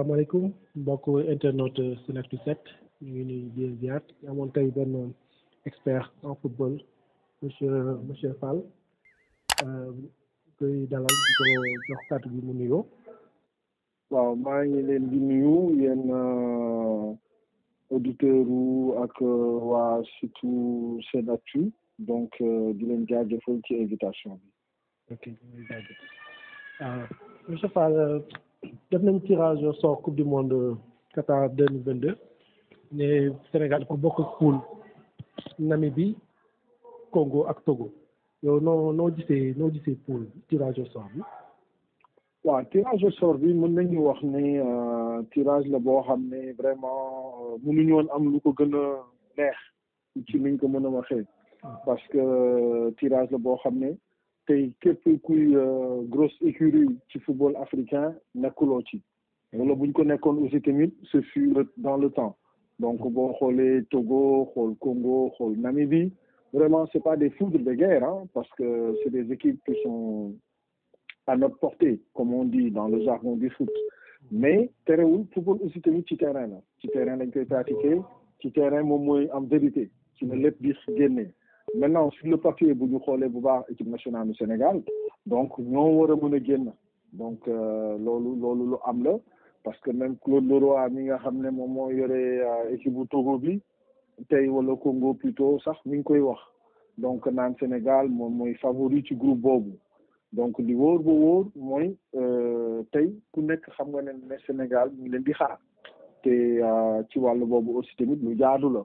asalaamaaleykum mbokk internet Senactu 7 ñu ngi nuyu di ziar amoon tey benn expert en football monsieur monsieur Fall euh, koy dalal di ko jox kàddu bi mu nuyoo. waaw maa ngi leen di nuyu yenn euh, auditeur yu ak euh, waa surtout Senactu donc di leen jaajëfal ci invitation bi. ok di leen jaajëfal monsieur Fall. def nañ tirage au sort coupe du monde Qatar deux mille vingt deux ne Sénégal dafa bokk ak poule Namibie Congo ak Togo yow no noo gisee noo gisee poule tirage au sort bi. waaw tirage au bi mën nañu wax ne euh, tirage la boo xam ne vraiment mu euh, mënuñu woon am lu ko gën a neex ci niñ ko mën a waxee ah. parce que euh, tirage la boo xam ne. tey képp kuy euh, grosse écurie du football africain nekkuloo ci wala buñ ko nekkoon aussi tamit ce fut dans le temps donc boo xoolee Togo xool Congo xool Namibie vraiment c'est pas des foudres de guerre hein, parce que c'est des équipes qui sont à notre portée comme on dit dans le jargon du foot mais le football aussi tamit ci terrain la ci terrain lañ koy pratiquer ci terrain moom mooy am vérité ci ne lépp di génnee maintenant sur le papier bu ñu xoolee bu baax équipe nationale du Sénégal donc ñoo wara mëna mën génn donc euh, lolu lolu lu am la parce que même Claude Leroy mi nga xamné mom moom yoré euh, équipe bu Togo bi tay wala Congo plutôt sax mi ngi koy wax donc nan Sénégal mom moy favori ci groupe bobu donc li wóor ba wóor mooy euh, tay ku nekk xam nga né Sénégal ñu leen di xaar té ci walu bobu aussi tamit lu jaadu la.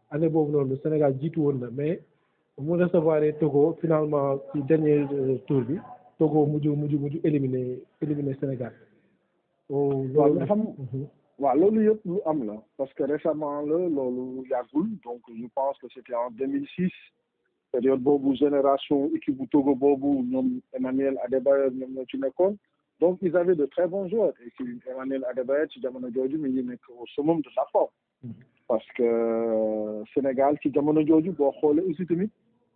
année boobu le Sénégal jitu woon na mais mu recevoir Togo finalement ci dernier euh, tour bi Togo muju muju muju éliminé éliminé Sénégal. wa lolu xam mhm. lu am la parce que récemment le lolu yàggul donc je pense que c'était en 2006 période Bobo génération équipe bu Togo boobu ñoom Emmanuel Adebayor même ñoo ci donc ils avaient de très bons joueurs et Emmanuel Adebayor ci jamono jooju mi ngi nekk au summum de sa forme. Mhm parce que euh, Sénégal ci jamono joju bo xolé aussi tamit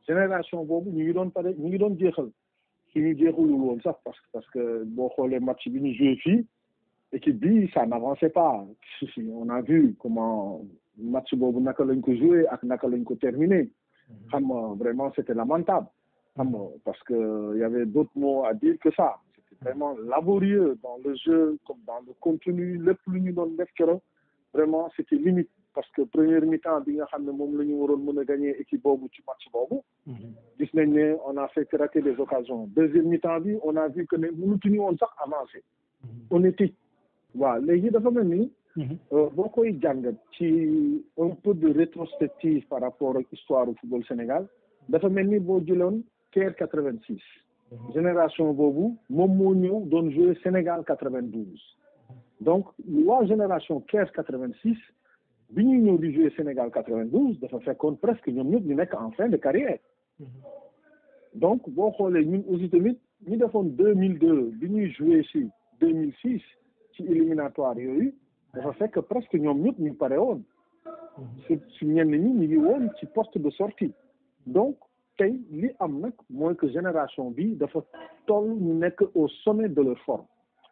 génération bobu ñu ngi doon pare ñu ngi doon jeexal suñu jeexalul woon sax parce que parce que bo xolé match bi ñu joué fi équipe bi ça n'avançait pas on a vu comment match matchs naka lañ ko jouer ak naka lañ ko terminer mhm. vraiment c'était lamentable mhm. parce que y avait d'autres mots à dire que ça c'était mhm. vraiment laborieux dans le jeu comme dans le contenu le lu ñu doon def vraiment c'était limite parce que première mi-temps bi nga xamné mom équipe Bobu ci match Bobu. Mhm. gis on a fait rater des occasions deuxième mi-temps bi on a vu que nous avons à sax avancé. Mhm. on était wa léegi dafa melni ni. Mhm. Euh, boo ci un peu de rétrospective par rapport à l'histoire du football Sénégal dafa mel ni de la Caire 86. génération bobu mom mo ñëw doon jouer Sénégal 92. donc la génération Caire 86 bi ñuy ñëw di jouer Sénégal 92 dafa compte presque ñoom ñëpp ñu en fin de carrière mm-hmm. donc bon, nous ñun aussi tamit ñu defoon 2002 bi ñuy jouer ci 2006 ci éliminatoire yooyu dafa que presque ñoom ñëpp ñu pare woon mm-hmm. su su ñenn ñi ñu nous woon ci poste de sortie donc tey li am nag mooy que génération bi dafa toll ñu au sommet de leur forme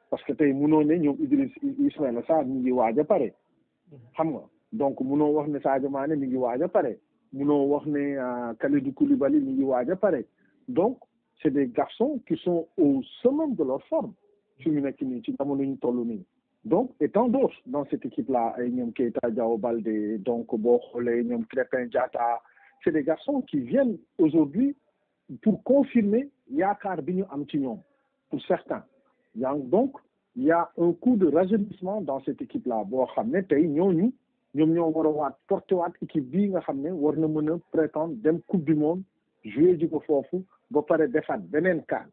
parce que tey mënoo ne ñoom Idriss Ismaïla Sarr ñu ngi waaj mm-hmm. xam donc munoo wax ne Sadio Mané mi ngi waaj a pare munoo wax ne euh, Kalidou Koulibaly mi ngi waaj a pare donc c' est des garçons qui sont au summum de leur forme fi mu nekk nii ci jamono ñu toll nii donc et tant d' dans cette équipe là ay ñoom Keita Diao Balde donc boo xoolee ñoom Crépin Diatta c' est des garçons qui viennent aujourd'hui pour confirmer yaakaar bi ñu am ci ñoom pour certains donc il y a un coup de rajeunissement dans cette équipe là boo xam ne tey ñooñu nous ñoo war a waat porté waat équipe bi nga xamné ne war prétendre dem coupe du monde jouer confort, fofu ba paré défat benen cas.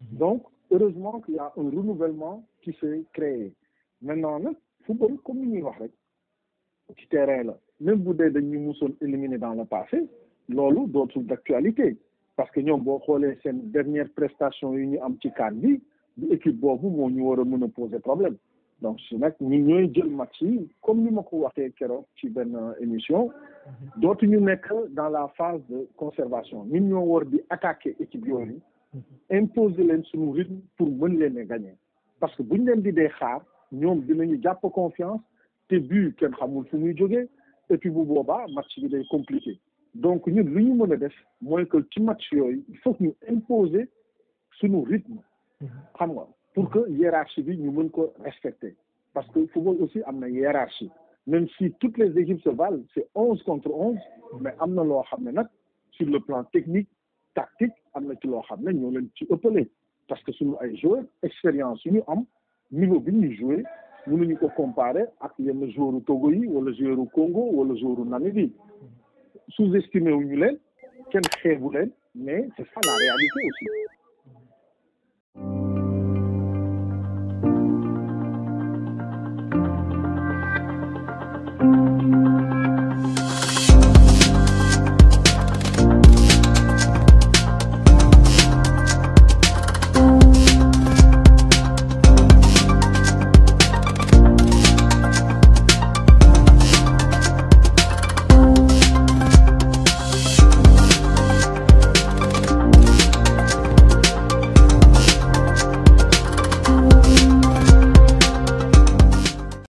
Mhm. donc heureusement qu'il y a un renouvellement qui s'est créé maintenant nous football comme ni wax rek ci terrain la même bu nous dañ ñu dans le passé lolu d'autre d'actualité parce que ñom bo xolé sen dernière prestation yu ñu am ci l'équipe bi du équipe avons moo ñu war mëna poser problème donc ce nag ñun ñooy jël match yi comme ni mako waxé kéro ci ben émission mm-hmm. ñu nekk dans la phase de conservation ñun ñoo war di attaquer équipe yooyu mm-hmm. Mm-hmm. imposer leen suñu rythme pour mën leen gagner parce que buñ leen di dé xaar ñom dinañu japp confiance té but kenn xamul fu muy jógee et puis bu boobaa match bi day compliqué donc ñun lu ñu mën def mooy que ci match yoy il faut ñu imposer suñu rythme xam nga pour que hiérarchie nous ñu parce que football aussi amener une hiérarchie même si toutes les équipes se valent c'est 11 contre 11, mais amna lo xamné nak sur le plan technique tactique amna ci lo xamné ne ñoo leen ci parce que suñu ay joueurs expérience ñu am niveau bi jouer, nous mënuñu ko comparer ak yenn joueurs Togo yi wala joueurs Congo wala joueurs Namibie sous estimer wu ñu leen kenn leen mais c'est ça la réalité aussi